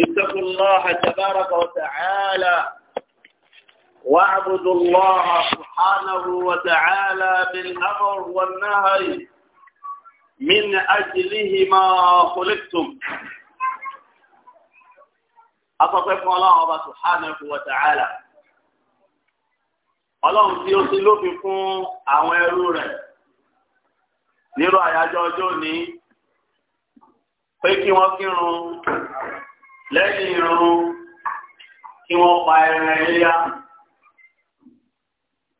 اتقوا الله تبارك وتعالى واعبدوا الله سبحانه وتعالى بالأمر والنهي من أجلهما خلقتم أتصف الله سبحانه وتعالى ọlọ́run tí ó sí lófin fún àwọn ẹrú rẹ̀ nírú àyájọ́ ọjọ́ ní pé kí wọ́n kírun lẹ́yìn irun kí wọ́n pa ẹran iléyà.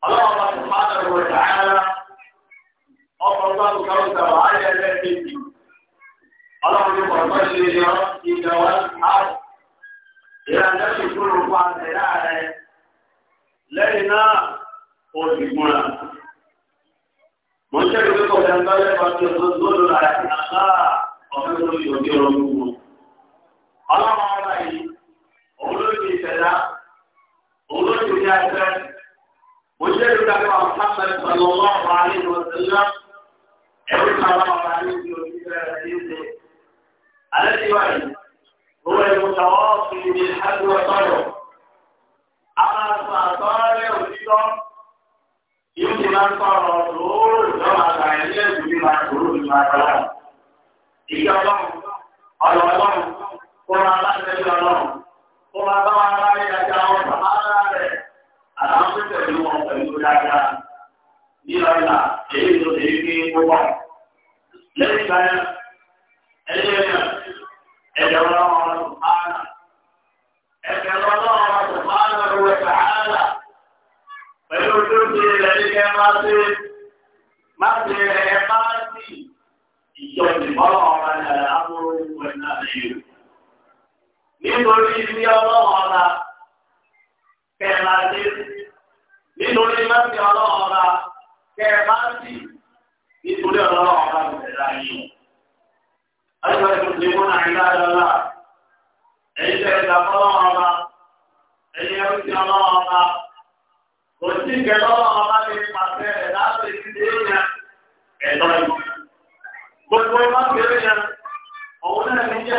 ọlọ́run bá ti máa ń lọ sí àárá ọkọ̀ tó ń kọ́ ìgbà wà á yẹ lẹ́ẹ̀kejì. ọlọ́run ní pọ̀tọ́ ṣe yọ ìgbà wà á ìlànà ìṣòro pa àtẹ̀yà lẹ́yìn náà ó ti múra. mo ń ṣe ìwé kọ̀ọ̀dà ń lẹ́kọ̀ọ́ tó ń lò láti àṣà ọ̀fẹ́ tó yọ̀ bí ọ̀rọ̀ gbogbo. ọlọ́run ọba yìí òun ló ti ìṣẹ̀dá òun ló ti ìdí àṣẹ òṣèlú ìdàgbà Muhammad sallallahu alaihi wa sallam ẹ̀rú sábà wà ní ìdí òṣìṣẹ́ rẹ̀ ní ìṣe. alẹ́ ti wáyé هو المتواصل بالحد والطلب أما الصلاة والصيام يمكن أن ترسل كما تعلم بما تقول بما تعلم إياهم الله kọ́ra aláṣẹ́jú ọlọ́run kọ́ra báwa láyé dájá wọn bàbá rẹ̀ àlàáfẹ́ pẹ̀lú wọn pẹ̀lú dáadáa ní ọ̀la èyí tó lè rí ní wọ́n. lẹ́yìn ìgbà yẹn ẹ̀yẹ ẹ̀jẹ̀ ọlọ́run ọ̀rọ̀ sùpáàlà ẹ̀jẹ̀ ọlọ́run ọ̀rọ̀ sùpáàlà rẹ̀ sàálà pẹ̀lú tó ṣe lẹ́yìn máa ṣe máa ṣe ẹ̀ máa ṣì ìjọ ìmọ̀ràn ọ̀rọ̀ àlàáfẹ́ nítorí ní ọlọ́wọ́ ọ̀la kẹ̀lá dé nítorí mẹ́sì ọlọ́wọ́ ọ̀la kẹ̀lá sí nítorí ọlọ́wọ́ ọ̀la kẹ̀lá yìí. Ayọ̀ ẹ̀sùn ti mú Nàìjíríà lọ́la. Ẹ̀yin tẹ̀ ẹ̀dá fọlọ́wọ́ ọ̀la. Ẹ̀yin ẹ̀rú ti ọlọ́wọ́ ọ̀la. Kò sí ìkẹlọ́wọ́ ọ̀la ní pàṣẹ ẹ̀dá tó ti Ẹ̀dọ́ yìí. Gbogbo ìmọ̀ kéré Òun náà ní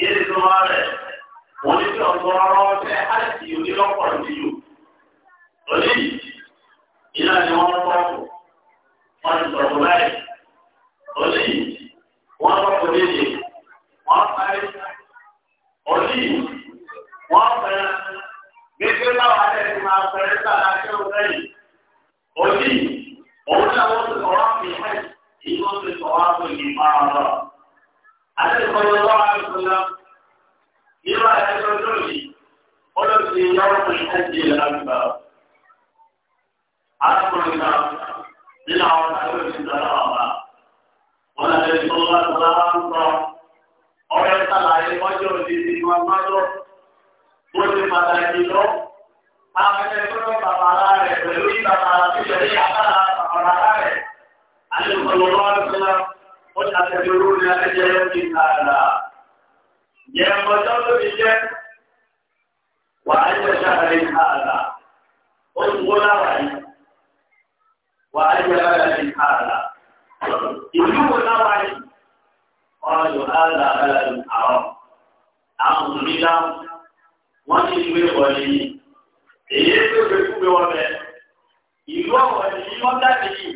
yéé tó wá rẹ̀ wọ́n ní kí ọ̀gọ́rọ̀ ọ̀fẹ́ àti onílọ́pọ̀ níyò. lórí iná ni wọ́n tọ́ kù wọ́n ti sọ̀rọ̀ báyìí. lórí wọ́n tọ́ kù níyì wọ́n parí. lórí wọ́n fẹ́ràn gbégbé báwa lẹ́ ti máa fẹ́rẹ́ sára kí ó lẹ́yìn. lórí òun náà wọ́n ti sọ̀rọ̀ àpè ìwọ́n ti sọ̀rọ̀ àpè ìmọ̀ àtẹ̀kọ́ yẹn wọ́n á lùkọ́ náà nínú àyájọ́ ọjọ́ yìí ọlọ́sìn yàrá òkùnrin ẹ̀jẹ̀ làgbà arákùnrin náà nínú àwọn àgbẹ̀ òsì dáná wà wọn làbẹ̀ tó wá tó wá ń sọ lọ bàbá rẹ̀ pẹ̀lú ìtàkàrà tó yẹ kí bàbá rẹ̀ àti ìpolówó ọ̀sẹ̀. وتعتبرون أجل هذا جاء وجود بجد وأي شهر هذا انظر رأي وأي بلد هذا يجوب نوعي قالوا هذا بلد حرام أعوذ بالله ونجم الولي èyí tó fi kú mi wọlé ìlú àwọn ènìyàn dábìlì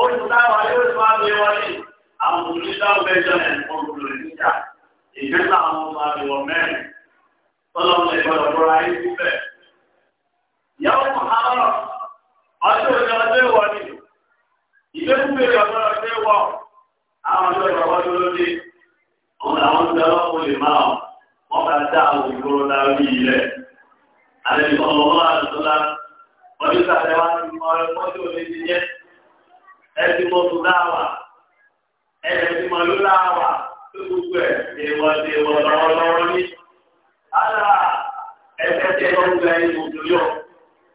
ó ti táwọn yóò tún á mi wọlé àwọn òṣèlú dáhùn bẹ́ẹ̀ jọ ẹ̀ fún olùdó ìníjà ìgbésà àwọn ọmọ àdìwọ̀ mẹ́rin tọ́lọ́mọ ìgbọ́dọ̀ bọ́ra ayé kúbẹ̀. ìyàwó muhammed ọjọ́ ìjọ ọjọ́ ìwọ ni ìgbésùgbé ọjọ́ ọjọ́ ìwọ àwọn ọjọ́ ìwọ ọjọ́ lóde òun làwọn ń darọ́ kó lè máa wọ́n bá dá àwọn ìgboro lárí ilẹ̀ àlejò ọmọ wọn tó lè ẹ ti mọ sùn dáwà ẹ̀rẹ̀ tí mo ló láwà tó gbogbo ẹ̀ èèwọ̀ ti èèwọ̀ lọ́wọ́lọ́wọ́ ní. Àlà ẹ̀fẹ́ tí ẹ̀rọ gbogbo ẹ̀ ìbò tó yọ.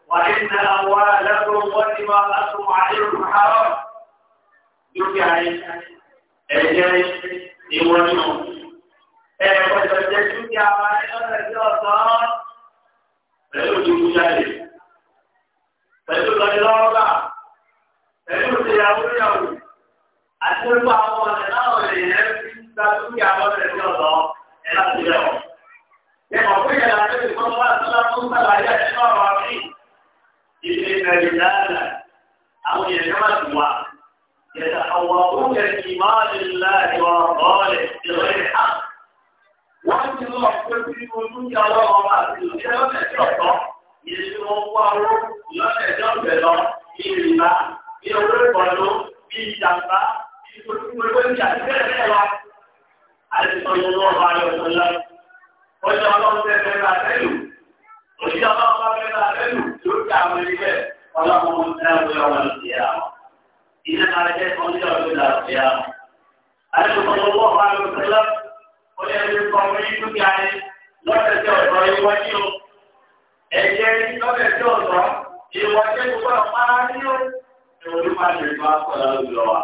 Wà á ní àwọn alágbó wọ́n ti máa bá wà ní ìlú àárọ̀. Dúkìá yìí, ẹ̀jẹ̀ ìwọ̀n náà. Ẹ̀rọ ìjọ̀jẹ̀ dúkìá wa ní ọ̀sẹ̀ tí ọ̀sán. nípa àwọn ọ̀nà táwọn ènìyàn fi ń gba dúkìá lọ́dọ̀ ẹ̀jẹ̀ ọ̀dọ́ ẹ̀ láti rẹ̀ ọ̀. Ẹ̀kọ́ pé ìyàrá tó ti kọ́ wá sí láti ń sàlàyé ẹ̀jẹ̀ ọ̀rọ̀ mi. Ìdílé ìrẹ̀lẹ̀ dáadáa, àwọn èèyàn máa ti wà. Yẹ̀dà àwọn oúnjẹ ti máa lè láàyè ọ̀rọ̀ọ̀lẹ̀ ìrẹ̀lẹ̀ hàn. Wọ́n ti lọ pé bí olúkìá lọ́wọ́ máa ti lò ní ọ̀nà ẹ̀jẹ̀ ọ̀tọ̀. Ìdílé wọn wá owó lọ́nà ẹ̀jẹ̀ ọ̀gbẹ̀ lọ, bí ìrìnà, bí owó ìpọ̀lú, bí ìjàmbá, Ìwọ̀n jẹ́ gbogbo ọ̀pá ní ó, ìwọ̀n ló máa lè bá kọ́lá lórí lọ́wọ́.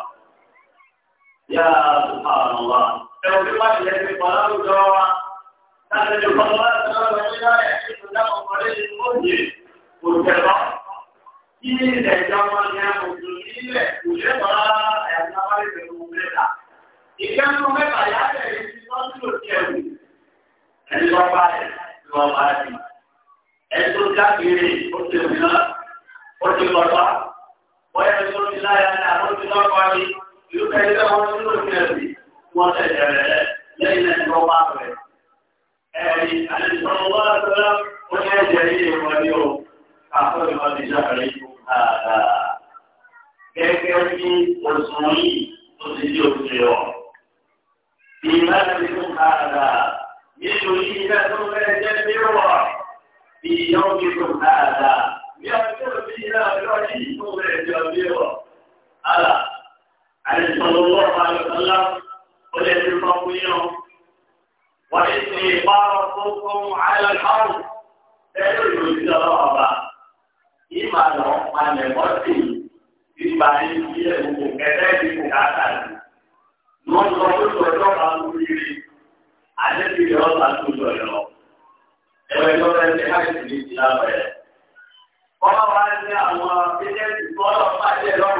يا سبحان الله لو بالله الذي قرأه جوا كان يقرأ سبحان الله يحيط له قليل المهجر والكبا ini dajjal yang muncul ini udah malah ayatnya kali berbeda. Ikan nomor ayat dari sifat itu jauh. Jadi apa? Dua pasti. Itu kan diri untuk bila, untuk apa? Boleh untuk bila yang ada untuk apa ini? يتجرون شنو الكلام وتجعل ليلة وقابل أي أن صلى الله عليه وسلم ولا جريء وليوم أقول قد جعلكم هذا كيفية وصولي تصديق اليوم بمالكم هذا يريدكم أن تجمعوا في يومكم هذا يغفر فيها الرجيم أن تجمعوا ألا àìsànlọ lọ́wọ́ àlùfáà ó lè fi fọ́ fún ti sọ lọ́rùn.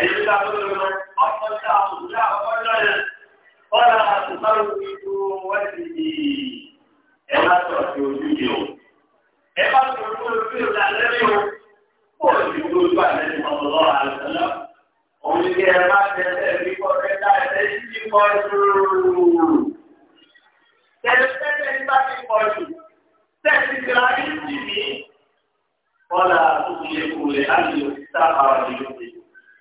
ẹ̀yìn bá tó lọ ọkọ̀ tí a kò dá ọkọ̀ náà kọ́lá àtúntàrò fi tó wọ́n ti di ẹ̀ bá tọ̀ sí ojú yìí o. ẹ bá tó lọ sí ojú alẹ́ mi o kó o ti tó ojú alẹ́ mi ọ̀dọ̀ lọ́wọ́ àlùfẹ́lá. òun ni ẹ má tẹ̀lé mi kọ́ ẹ dá ẹ sí kọ́ lóòrò. tẹ̀lé tẹ́lẹ̀ nígbà tí kọ́ jù tẹ̀sí ti ra ní ìdí mi. kọ́lá àtúntò yẹ kó lè á lè sábà wà ní ìdí.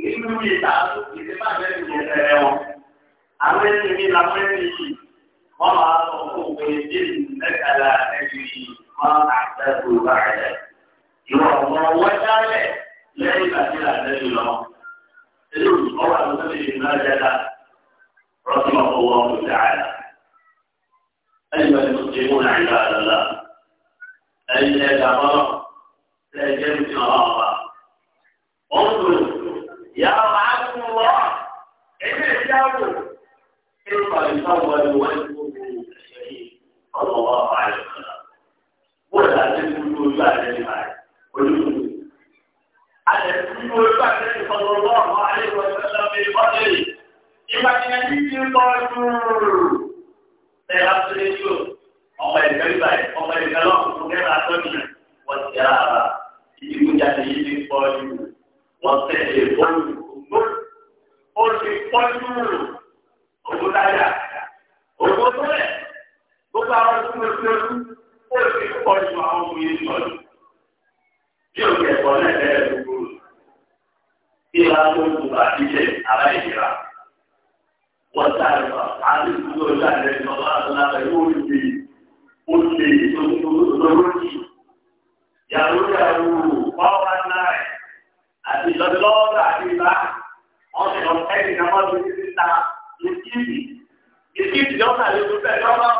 nínú ìta ìdíbà bẹ́ẹ̀ ti ẹ̀rẹ̀ wọn. Àwọn ẹni mi làwọn ẹni yìí, wọ́n máa sọ fún òwe Jésù mẹ́tàlá ẹni yìí, wọ́n àtẹ̀kù báyẹ̀. Ìwọ ọmọ wẹ́tálẹ̀ lẹ́yìn ìgbàdí àtẹ̀kù lọ. Ilé olùkọ́ wà lọ́sẹ̀ lè ní ọjọ́dá. Rọ́sì ọ̀pọ̀ wọn kò dáadáa. Ẹni bá ti mú ṣe mú nàìjíríà lọ́la. Ẹni ẹ̀dá mọ́ ẹ̀jẹ̀ mi ti hàn wá. يقل إن الأول والأول الشهيد صلى الله عليه وسلم ولا تكونوا بعد المعاد وجود على تكونوا بعد صلى الله عليه وسلم بقدره إما أن يجي الطاجور سيحصل اليوم ọmọ ìgbẹ́lúbà yìí ọmọ ìgbẹ́lọ́ ọ̀hún kẹ́rẹ́ àtọ́nìyà wọ́n ti yára àbá ìdí mú jáde yìí ní pọ́ọ̀lù wọ́n tẹ̀lé bọ́ọ̀lù ti pọ́jú owó dájà owó tó lẹ̀ gbogbo àwọn tó lè fi ojú ó ti pọ́jú àwọn ọmọ yìí lọ́dún bí òkè ẹ̀kọ́ gbogbo bí tó wọ́n sáré wa àtúnáfẹ́ yóò ó àti ọ̀sẹ̀ ọ̀sẹ̀ ìjọba ló ti ti ta ìkíìtì ìkíìtì lọ́sà ló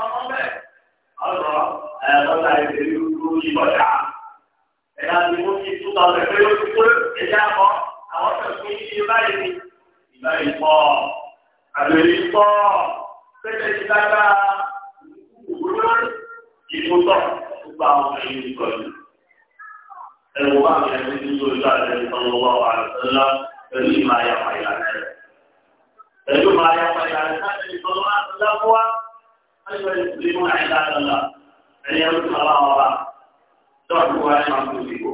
pẹ̀lú ìmọ̀ ayapa ìlànà rẹ̀. Pẹ̀lú ìmọ̀ ayapa ìlànà rẹ̀ láti lè tọ́lọ́ láti dákọ́ wá, láti lè lè mú àìlá lọ́la, ẹ̀yẹ ló tún àwọn ọba. Dọ́ọ̀tù wa ẹ̀ máa ń tóbi kò.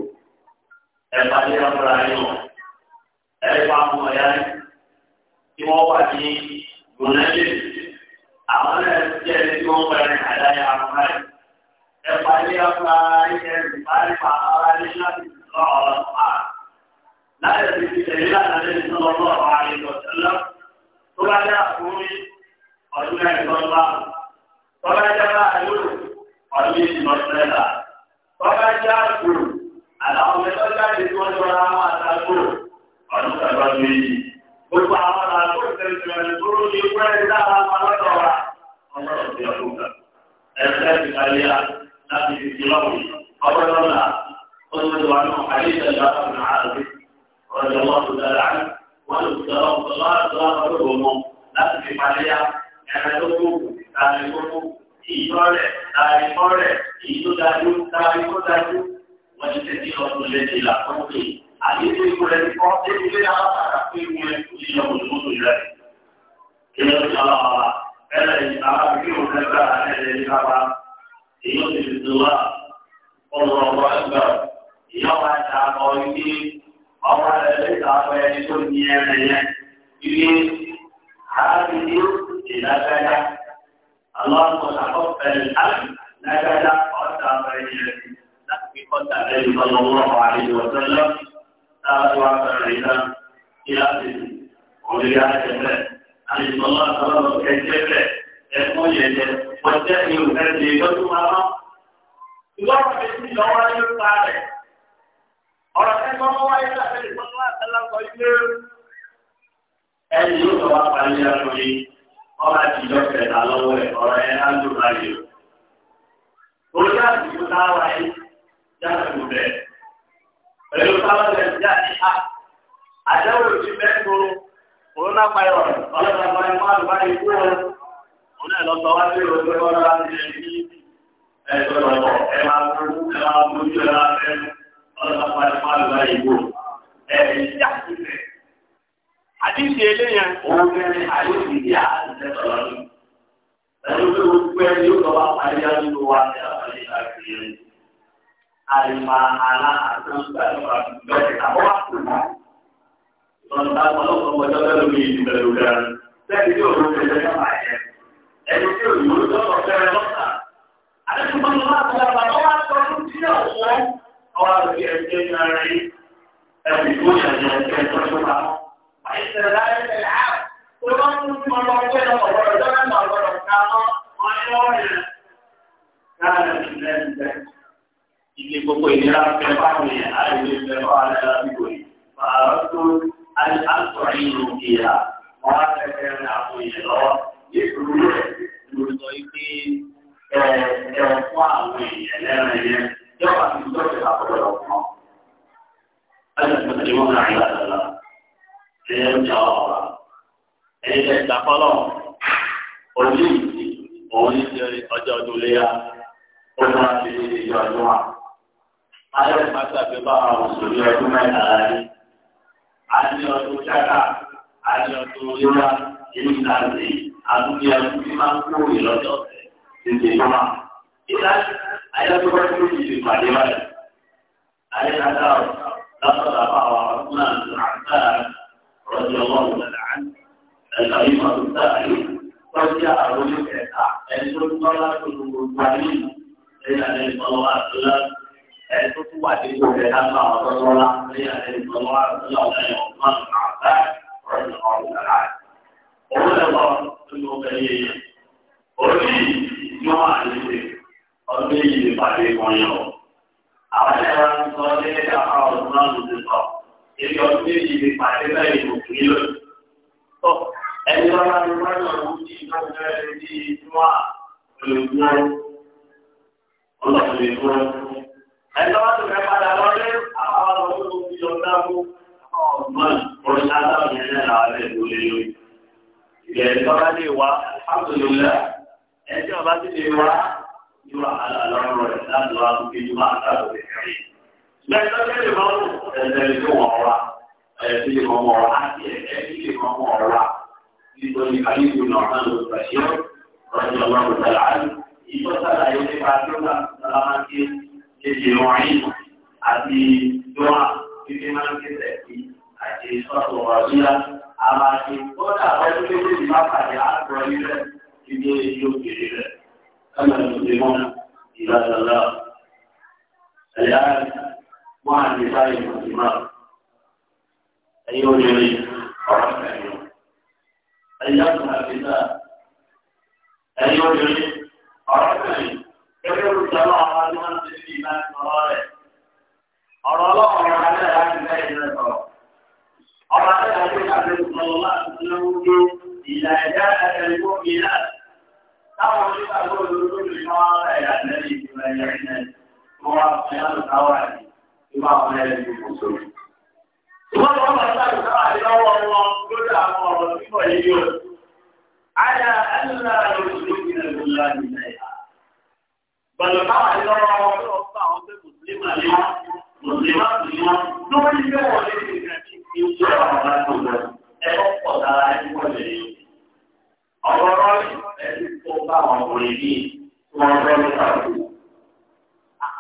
Ẹ pàdé ọmọlá yín wọ̀. Ẹ pa ọmọ Tí wọ́n wà ní Gbọ̀nẹ́lẹ̀. Àwọn ẹ̀ jẹ́ ẹni tí wọ́n pẹ̀lú àdáyà ọmọlá yìí. Ẹ pàdé ọmọlá ẹ̀ láti fi tẹ̀lé láti lè sọ lọ́wọ́ ààrẹ ìgbọ̀sẹ́lá tó bá dá àkúrí ọdún mẹ́rìndínlọ́gbà tó bá dá àlù ọdún ìdìmọ̀sẹ́lá tó bá dá àgbò àlàó mẹ́tọ́ jáde tí wọ́n jọra àwọn àtàgbò ọdún tàbí ọdún méjì. Gbogbo àwọn àgbò ìtẹ̀síwájú tó ló ní wẹ́rẹ́ dára wọn lọ́dọ̀ wa ọlọ́run ti ọdún kan. Ẹ̀sẹ̀ ti kàlẹ́ yá láti fi ọ̀rọ̀ ìjọba tó dára wọ́n lè sọ ọ̀rọ̀ ọ̀rọ̀ ọ̀rọ̀ ọmọ láti fi paríyá ẹ̀rẹ́ tó kú tàbí tó kú kí ìtọ́ rẹ̀ tàbí kọ́ rẹ̀ kí ìtó dájú tàbí kó dájú wọ́n ti tẹ̀sí ọdún lẹ́sẹ̀ ìlàkọ́ńpé àdéhùn ikú rẹ̀ ti kọ́ débi lé alábàárà pé ìwé ìyẹn òṣèlú rẹ̀ ìyẹn òṣèlú ẹ̀rẹ́ ìtara bí òun ẹgbẹ́ ẹ̀rẹ́ ìtara èyí ó ti fi tó wá ọ̀rọ̀ ọ̀rọ̀ ẹgbẹ́ ìyá wa ta ọ ilé ọ̀rọ̀ rẹ̀ lẹ́sà afọ ẹni tó ní ẹrẹ̀ yẹn ilé àádìdí ìdágbájá aláwọ̀ àkọ́fẹ́lẹ̀ àmì lágbájá ọ̀tà afọ ẹni rẹ̀ láti fi kọ́ta lẹ́yìn tọ́lọ wúrọ̀ àlejò ọ̀tọ́lọ́ láti wá bẹ̀rẹ̀ iná kí láti òrìrì àjẹbẹ̀ àlejò ọlọ́ọ̀tọ́lọ́ ẹ̀jẹ̀ bẹ̀ ẹ̀fọ́ yẹ̀jẹ̀ wọ́n jẹ́ ìrù ẹ̀jẹ̀ lọ́dún máa ọ̀rọ̀ ẹgbẹ́ ọmọ wáyé láti ìfọ́nú àtàlàkọ̀ ilé ẹni yóò sọ wá parí ẹnu yìí ọba ti yọ kẹta lọ́wọ́ ẹ̀ ọ̀rọ̀ ẹ̀ á lò báyìí o. orí àdìgbò náà wáyé jáde kò bẹ̀. pẹ̀lú sábàbí ẹ̀jẹ̀ àti ha àjẹwò ìdí mẹ́tò òrónà payọ̀ ọlọ́dà payọ̀ máa lò báyìí kú o. òun ẹ̀ lọ́sọ̀ wá sí ìròyìn ọlọ́dà ti ẹ̀ ní ẹ̀ ọlọ́pàá parí pálí báyìí wò ẹ̀rí sí àtúnṣe. àdìsí eléyàn òun fẹ́rẹ̀ àdìsí ìdí àtúnṣe sọ̀rọ̀ ní. ẹni tó ń pẹ́ ní ó lọ́wọ́ parí àdúgbò wa ní àpàlẹ́ ìlàkiri rẹ̀. àìmọ̀ àlá àtúnṣe àtúnṣe bẹ́ẹ̀ àbọ̀ wà kù mọ́. ìtọ́nùtà ọlọ́pàá ọjọ́ bẹ́ẹ̀ lómi ìdìbẹ̀rẹ̀ òdà sẹ́ni tí òun fẹ́rẹ̀ lọ́pàá yẹ ẹni قال في أجلنا عليه الوجوه التي تنشرها وإن ذلك العام ومن مرضنا وبرزنا ما برزنا ما يورنا كان من ذلك إني بقول لا تفعلني أجل فعل بقولي فأردت أن أستعين فيها وهذا كان أقول الله يقول يقول يقول يقول يقول يقول يقول يقع في الزوجة العقل والعقل ألا تكلمون عباد الله ليرجع الله إذا استقلوا قلت òun ti ọjọ́ ọdún léyà ó máa fi ìjọ ọdún wa. Ayọ̀ pàtàkì bá àwọn òṣèlú ọdún mẹ́ta láyé. A ní ọdún ṣáká, a ní ọdún léyà, èyí ta sí àdúgbò ẹ̀kú tí máa ń kúrò lọ́jọ́ ọ̀sẹ̀ títí tó máa ìlà ayélujára tó ti di pàdé báyìí ayélujára lọ́sọ̀rọ̀ àwọn ọ̀gbọ́n àgbà rọ̀jò ọlọ́run lọ́la ẹ̀ka ìmọ̀ tó dáàyè tọ́jú àwọn oníkẹta ẹni tó ń tọ́lá tó ń gbogbo ayé lẹ́yìn àlẹ́ ìfọwọ́ àtúlá ẹni tó tún wà nínú rẹ̀ lábàá ọ̀rọ̀ lọ́la lẹ́yìn àlẹ́ ìfọwọ́ àtúlá ọ̀lẹ́yìn ọ̀gbọ́n àgbà rọ̀jò ọlọ́run lọ́la òun lẹ́wọ̀n tó ń gbogbo ayé yẹn orí yọ àlejò ọdún yìí lè pàdé wọn yàn ọ. àwọn ẹ̀rọ ń sọ ní ẹ̀ka àwọn ọdún náà ló ti sọ èyí ọdún yìí lè pàdé lẹ́yìn òkú nílò. tó ẹni wọn bá ti wọ́n yàn wọ́n ti iná bẹ́ẹ̀ ní ìdúrà olùdúró olùdúró. ẹni wọn ti fẹ́ padà lọ́lé àwọn ọdún tó ti yọ dáàbò àwọn ọ̀gbọ́n orin aláwọ̀ yẹn náà làwọn ẹ̀ lólè lórí. ìgbẹ̀rẹ̀ tọ́lá lè wá alhamdulillah ẹjọ́ bá ti lè wá yóò àlọ́ lọ́rọ̀ rẹ̀ láti wá tó kéjú máa dáàbò lè rí. Lẹ́tọ́ tẹ́lẹ̀ máa ń ẹ̀ẹ́dẹ́ lè tó wọ́n wá ẹ̀ẹ́dẹ́ lè mọ́ ọ̀rá àti ẹ̀ẹ́dẹ́ lè mọ́ ọ̀rá. Nítorí Aliyu náà máa ń lo ìgbàṣẹ́ ọ̀rọ̀ ọlọ́run tẹ̀lá àlù. Ìjọ sàlàyé nípa tó bá sálámá sí èdè wọ̀nyí àti dọ́wà fífi máa ń kẹsẹ̀ sí àti sọ́tò ọ̀rọ̀dúnlá. Àmàṣe kọ́dà ọdún méjèèjì má pàdé àgbọ̀ ilẹ̀ ìgbé yóò kéré rẹ̀. أما المسلمون عباد الله الآن مع النساء المسلمات أيها الجميع ورحمة أيها النساء أيها الجميع ورحمة يقول الجماعة هذه الإيمان مرارة أرى الله أرى هذا هذا الإيمان أرى هذا هذا الإيمان صلى الله عليه وسلم إذا جاءك المؤمنات táwọn onígbàgbọ́ olóró lè máa ń rẹ̀ àtẹ́lẹ̀ ìgbìmọ̀ ẹ̀yà iná tó wá fún yàrá táwà yìí tó bá wọn lẹ́yìn ìlú kò sórí. Ìwọ́n tó wọ́n bá sáà sáà ní lọ́wọ́ wọn lórí àwọn ọ̀rọ̀ tí wọ́n yé yóò. Àyà ẹ̀lá lóṣù ìgbìmọ̀ ìlú láti náà. Bọ̀dọ̀ táwà ní lọ́wọ́ wọn ló ń bá àwọn pé mùsùlùmí àlè wọn, mùsùlùmí àlè wọn, lórí bí wọ́n lè ṣe ìgbà tí ìṣòro àwọn aláṣọ ọ̀rọ̀ rọ́ọ̀lì ẹni tó bá àwọn ọkùnrin yìí tí wọ́n rọ́ ní pàtó.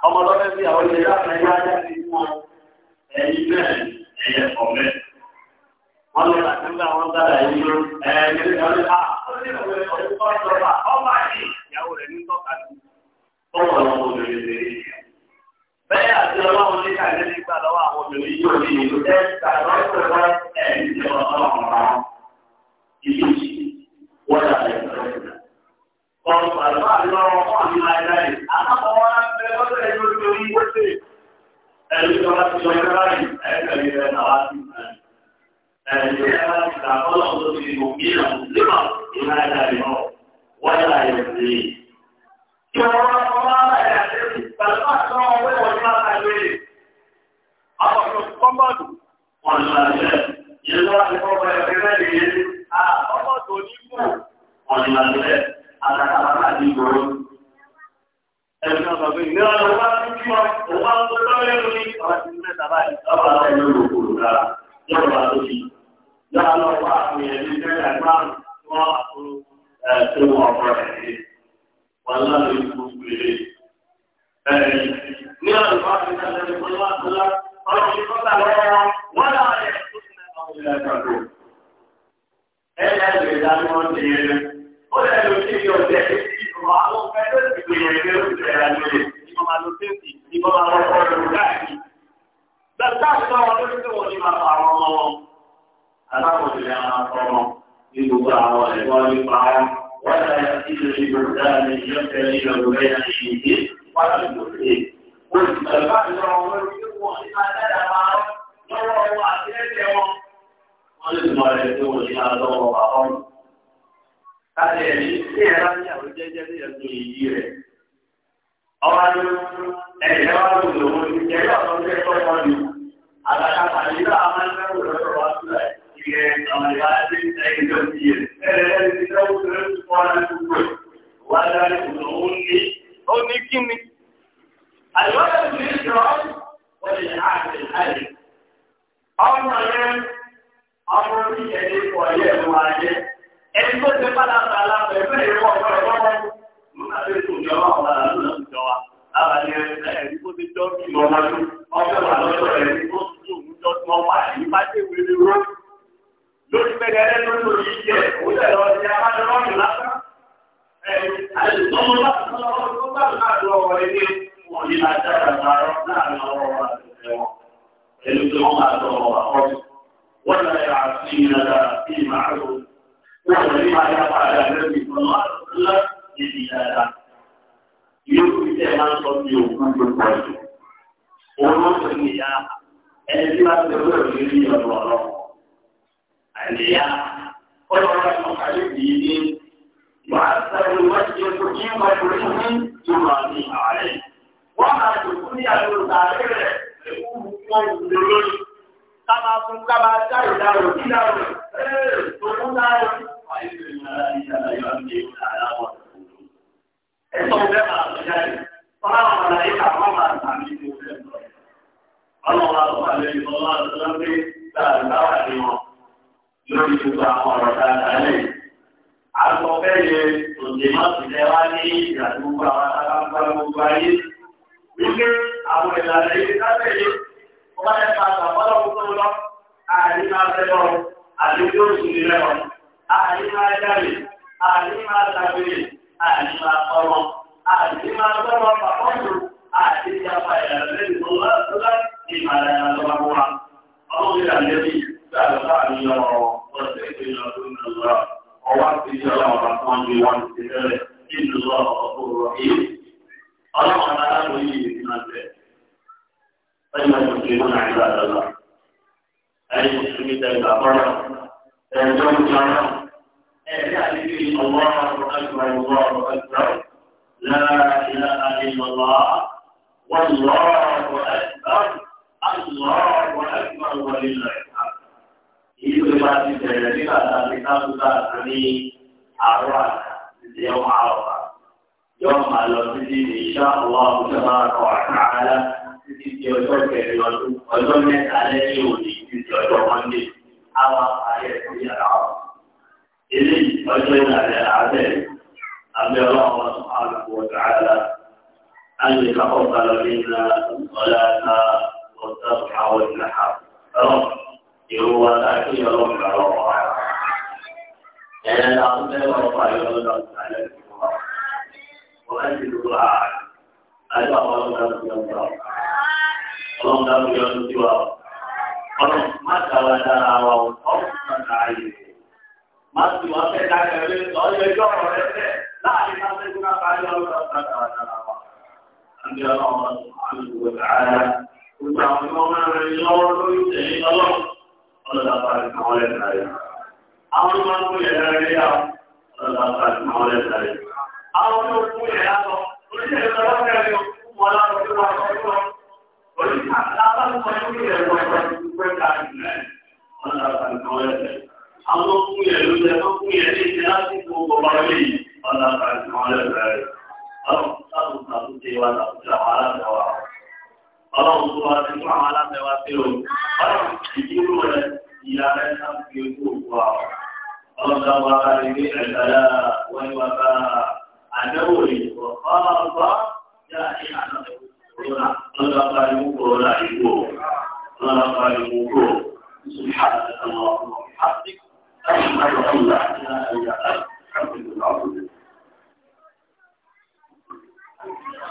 ọmọ lọ́fẹ́ sí àwọn ilé láti ẹgbẹ́ ajá ti fún ọ ẹ̀yin náà ẹ̀yẹ ọ̀mẹ́. wọ́n lọ láti ń bá àwọn dára yìí ló ẹ̀ẹ́dẹ́ ìyàwó rẹ̀ ní tọ́ka ní ọmọ ọmọ obìnrin rẹ̀ bẹ́ẹ̀ àti ọlọ́run ní káyọ̀ nígbà lọ́wọ́ àwọn obìnrin yóò ní ìlú wọ́dà ẹ̀dọ́rẹ́dà. ọ̀pọ̀ àlọ́ àlọ́ ọmọ mi máa dá yìí. àkàkọ́ wọn á fẹ́ lọ́dọ̀ ẹ̀yọ́ lórí wọ́n ṣe. ẹ̀rí tó bá ti sọ ẹ̀rọ báyìí ẹ̀ẹ́dẹ̀rí rẹ̀ náà wá sí ìgbàlẹ̀. ẹ̀rí rẹ̀ wá sí ìgbàkọ́lọ̀ tó ti di òkè náà nígbà ìmáyàdá yìí náà wọ́dà ẹ̀dọ́rẹ́ Àwọn ọ̀dọ́ kọ́mbọ̀dù. Wọ́n lọ àṣẹ. Ìjọba àti ọ̀pọ̀ ẹ̀fẹ́ mẹ́rin onígbò ọ̀nìyànjẹ́ àtàkàlà ní ìgboro. Ẹ̀sìn ọ̀sán pé bá tó bá tó fi. ẹ̀ẹ́dẹ̀ wọ́n ti bẹ̀rẹ̀ lórí ìgbìmọ̀ ọmọ ló wọn. ní gbogbo àwọn ẹ̀kọ́ nípa lọ́wọ́ wọn àti ẹ̀jẹ̀ wọn wọ́n lè ọmọ orí ẹni pọ̀ yẹ ẹ̀mú ayé ẹni tó ti padà bá a lábẹ́ ẹgbẹ́ ìwọ ọ̀pọ̀ ẹ̀kọ́ wọn mú àti ètò ìjọba ọ̀la lọ́nà ìjọ wa lára ní ẹni tó ti jọ́ bí ìmọ̀ wọn ọjọ́ wà lọ́jọ́ ẹni tó ti òun jọ́ tí wọ́n wà ní májèwé ni wọ́n ولا يعصينا في معروف ولما يفعل النبي صلى الله عليه وسلم بزيادة يوم كان صوت يوم كل قلب ونصر نجاح الإسلام تقول لي الله عليا قل رحمة عليه وعسر الوجه الكريم والكريم يماني عليه وما تكون يا المتابعة يقول يوم ká fún ká máa dárò dárò kí dárò tó fún dárò. Ẹ̀sọ́ bẹ́ẹ̀ máa lọ jáde, fọláwọn ọ̀la ìka wọn máa tàbí ìlú bẹ́ẹ̀ lọ. Ọlọ́run wa lọ́wọ́ àlejò ọlọ́run àti ọlọ́run pé gbàgbáwà ni wọn lórí gbogbo àwọn ọ̀rọ̀ dáadáa lẹ́yìn. Àkọ́fẹ́yẹ òṣèlú ìlẹ́wà ní ìyàtọ̀ gbogbo àwọn alágbára gbogbo ayé. Wípé àwọn ìlànà ìdíkábẹ̀yẹ ọba ẹ̀ ta àgbà bọ́lá kókó lọ ààyè máa fẹ́ lọ àti ojú oṣù mi rẹ̀ wọn ààyè máa dáre ààyè máa máa máa àti ìmàlẹ́ ọ̀sẹ̀ ti فإن طيب، المسلمون عباد الله أي المسلمين إذا فرحوا فينجون جارهم إعلان فيه الله أكبر الله أكبر لا إله إلا الله والله أكبر الله أكبر ولله الحمد itu berarti jadi kata kita sudah kami يوم yang يوم yang إن شاء الله تبارك وتعالى títí ọjọ́ kẹrin ọdún ọjọ́ mẹ́ta lẹ́yìn òní títí ọjọ́ mọ́ndé àwọn àyẹ̀ tó yàrá ọ̀. ilé ọjọ́ ìlànà abẹ́ abẹ́ ọlọ́run àlùkò ọ̀tàlá àyè kápọ̀ kalọ̀ nínú ọ̀làta ọ̀tà àwọn ìlànà ọ̀rọ̀ ìwọ wa láti ọlọ́run lọ́wọ́ wa. ẹ̀rẹ́ la ń bẹ́ ọ̀pá ìrọ̀lọ́ وأجل الدعاء أدعو الله ọlọ́run dá lórí ọdún tí wa ọlọ́run má dára dára wa o ọlọ́run má má sì wá fẹ́ dákẹ́ lé ọyọ ẹjọ́ rẹ̀ fẹ́ láàrin náà fẹ́ kúrò àbáyọ ọlọ́run má dára dára wa. àbí ọlọ́run àlùkò tààrà gbogbo àwọn ọmọ máa ń lọ́wọ́ lórí ìtẹ̀lé ọlọ́run ọlọ́run àbáyọ àwọn ẹ̀ka rẹ̀. àwọn ọmọ ń gbé ẹ̀rọ ilé àwọn ọlọ́run àbáyọ àwọn ẹ̀ka rẹ̀. àwọn ọmọ Àwọn fún yẹn ló jẹ́ fún fún yẹn lè ṣe láti fún ọgbọ̀n lórí ọ̀nà àti àwọn ẹ̀rẹ̀ rẹ̀. Ọlọ́run sábùn tàbí ṣe wá tàbí ṣe àwọn alábẹ̀wá. Ọlọ́run tó wá sí fún àwọn alábẹ̀wá sí o. Ọlọ́run ìdílú rẹ̀ ìyá rẹ̀ sábùn fi ojú òkú wa. Ọlọ́run tó wá kárí ní ẹ̀dáyà wọ́n ní wá bá àdẹ́wò ìwọ̀ ọlọ́run bá yá ìhànà kòrónà lọ́dọ̀ apariwo kòrónà ìlú o lọ́dọ̀ apariwo kò sùhàn àtàwọn ọmọ àti àyùmáyọ̀ ọ̀la àti àyà àti àbẹ̀lẹ̀ ọ̀la.